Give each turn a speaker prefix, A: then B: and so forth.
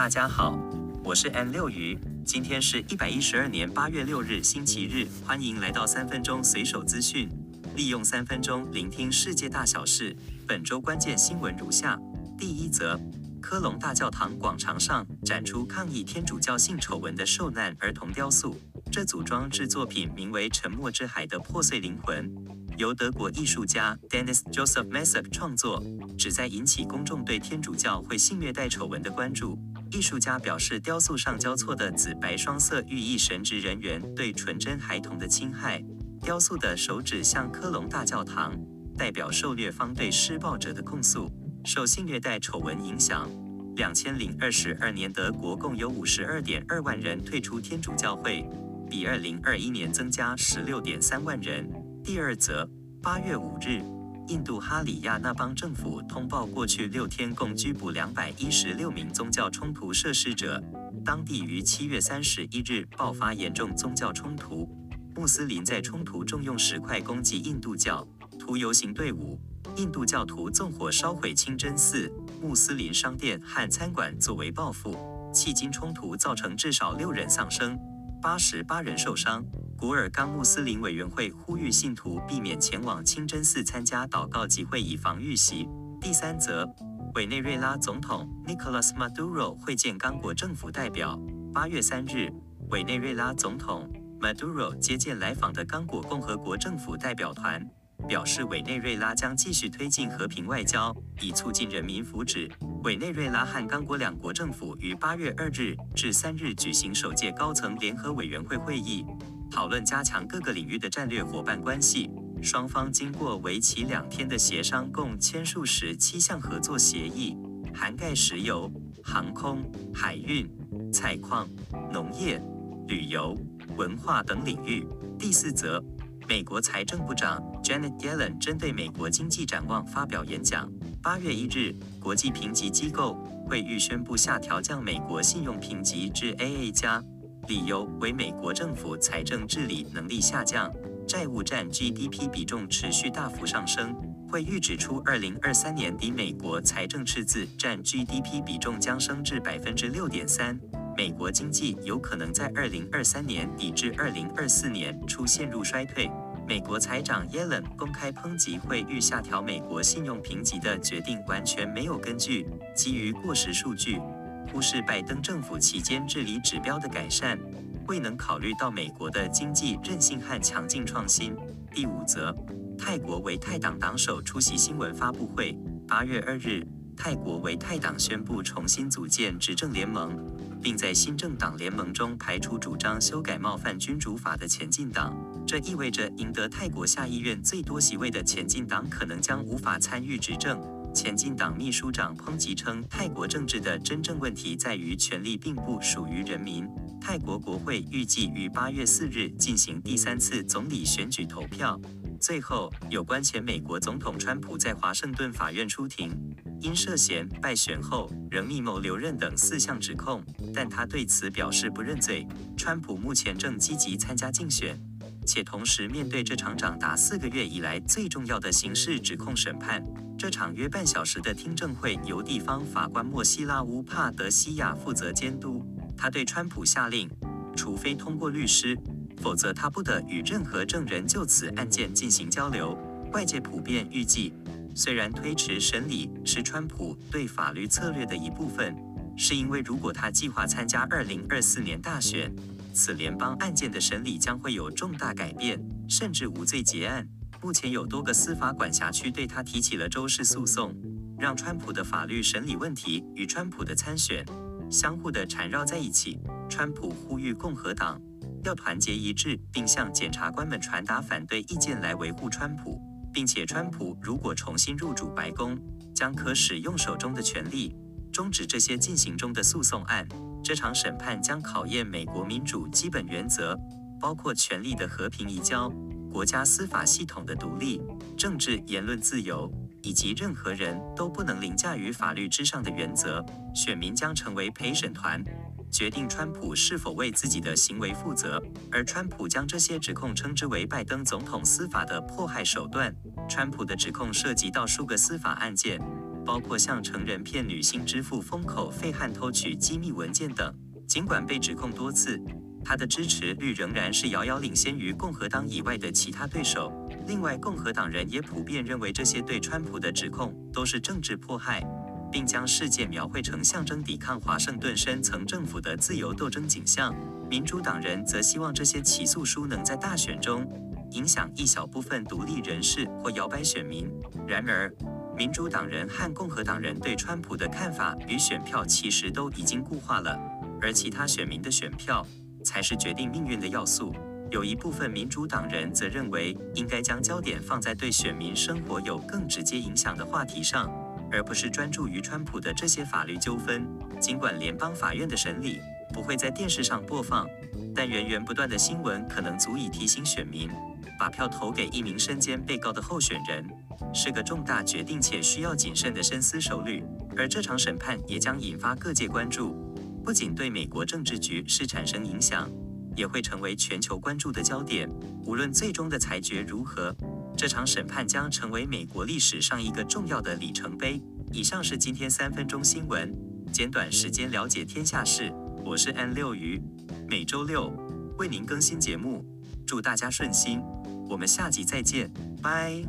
A: 大家好，我是 M 六魚，今天是一百一十二年八月六日星期日，歡迎來到三分鐘隨手資訊，利用三分鐘聆聽世界大小事。本周關鍵新聞如下：第一則，科隆大教堂廣場上展出抗議天主教性醜聞的受難兒童雕塑，這組裝置作品名為《沉默之海的破碎靈魂》，由德國藝術家 Dennis Joseph Messer 創作，旨在引起公眾對天主教會性虐待醜聞的關注。藝術家表示，雕塑上交錯的紫白雙色寓意神職人員對純真孩童的侵害。雕塑的手指向科隆大教堂，代表受虐方對施暴者的控訴。受性虐待醜聞影響，兩千零二十二年德國共有五十二點二萬人退出天主教會，比二零二一年增加十六點三萬人。第二則，八月五日，印度哈里亞納邦政府通報，過去六天共拘捕兩百一十六名宗教衝突涉事者。當地於七月三十一日爆發嚴重宗教衝突，穆斯林在衝突中用石塊攻擊印度教徒遊行隊伍，印度教徒縱火燒毀清真寺、穆斯林商店和餐館作為報復。迄今，衝突造成至少六人喪生，八十八人受傷。古爾岡穆斯林委員會呼籲信徒避免前往清真寺參加禱告集會，以防遇襲。第三則，委內瑞拉總統尼古拉斯·馬杜羅會見剛果政府代表。八月三日，委內瑞拉總統馬杜羅接見來訪的剛果共和國政府代表團，表示委內瑞拉將繼續推進和平外交，以促進人民福祉。委內瑞拉和剛果兩國政府於八月二日至三日舉行首屆高層聯合委員會會議。討論加強各個領域的戰略夥伴關係，雙方經過為期兩天的協商，共簽署十七項合作協議，涵蓋石油、航空、海運、採礦、農業、旅遊、文化等領域。第四則，美國財政部長 Janet Yellen 針對美國經濟展望發表演講。八月一日，國際評級機構惠譽宣布下調降美國信用評級至 AA 加。理由為美國政府財政治理能力下降，債務占 GDP 比重持續大幅上升。惠譽指出，二零二三年底美國財政赤字占 GDP 比重將升至百分之六點三，美國經濟有可能在二零二三年底至二零二四年初陷入衰退。美國財長耶倫公開抨擊惠譽下調美國信用評級的決定完全沒有根據，基於過時數據。忽視拜登政府期間治理指標的改善，未能考慮到美國的經濟韌性和強勁創新。第五則，泰國為泰黨黨首出席新聞發布會。八月二日，泰國為泰黨宣布重新組建執政聯盟，並在新政黨聯盟中排除主張修改冒犯君主法的前進黨。這意味着贏得泰國下議院最多席位的前進黨可能將無法參與執政。前進黨秘書長抨擊稱，泰國政治的真正問題在於權力並不屬於人民。泰國國會預計於八月四日進行第三次總理選舉投票。最後，有關前美國總統川普在華盛頓法院出庭，因涉嫌敗選後仍密謀留任等四項指控，但他對此表示不認罪。川普目前正積極參加競選，且同時面對這場長達四個月以來最重要的刑事指控審判。這場約半小時的聽證會由地方法官莫西拉烏帕德西亞負責監督。他對川普下令，除非通過律師，否則他不得與任何證人就此案件進行交流。外界普遍預計，雖然推遲審理是川普對法律策略的一部分，是因為如果他計劃參加2024年大選，此聯邦案件的審理將會有重大改變，甚至無罪結案。目前有多個司法管轄區對他提起了州市訴訟，讓川普的法律審理問題與川普的參選相互的纏繞在一起。川普呼籲共和黨要團結一致，並向檢察官們傳達反對意見來維護川普，並且川普如果重新入主白宮，將可使用手中的權力終止這些進行中的訴訟案。這場審判將考驗美國民主基本原則，包括權力的和平移交。國家司法系統的獨立、政治言論自由以及任何人都不能凌駕於法律之上的原則，選民將成為陪審團，決定川普是否為自己的行為負責。而川普將這些指控稱之為拜登總統司法的迫害手段。川普的指控涉及到數個司法案件，包括向成人片女星支付封口費、和偷取機密文件等。儘管被指控多次。他的支持率仍然是遙遙領先於共和黨以外的其他對手。另外，共和黨人也普遍認為這些對川普的指控都是政治迫害，並將事件描繪成象徵抵抗華盛頓深層政府的自由鬥爭景象。民主黨人則希望這些起訴書能在大選中影響一小部分獨立人士或搖擺選民。然而，民主黨人和共和黨人對川普的看法與選票其實都已經固化了，而其他選民的選票。才是決定命運的要素。有一部分民主黨人則認為，應該將焦點放在對選民生活有更直接影響的話題上，而不是專注於川普的這些法律糾紛。儘管聯邦法院的審理不會在電視上播放，但源源不斷的新聞可能足以提醒選民，把票投給一名身兼被告的候選人是個重大決定，且需要謹慎的深思熟慮。而這場審判也將引發各界關注。不僅對美國政治局勢產生影響，也會成為全球關注的焦點。無論最終的裁決如何，這場審判將成為美國歷史上一個重要的里程碑。以上是今天三分鐘新聞，簡短時間了解天下事。我是 N 六魚，每周六為您更新節目，祝大家順心，我們下集再見，拜。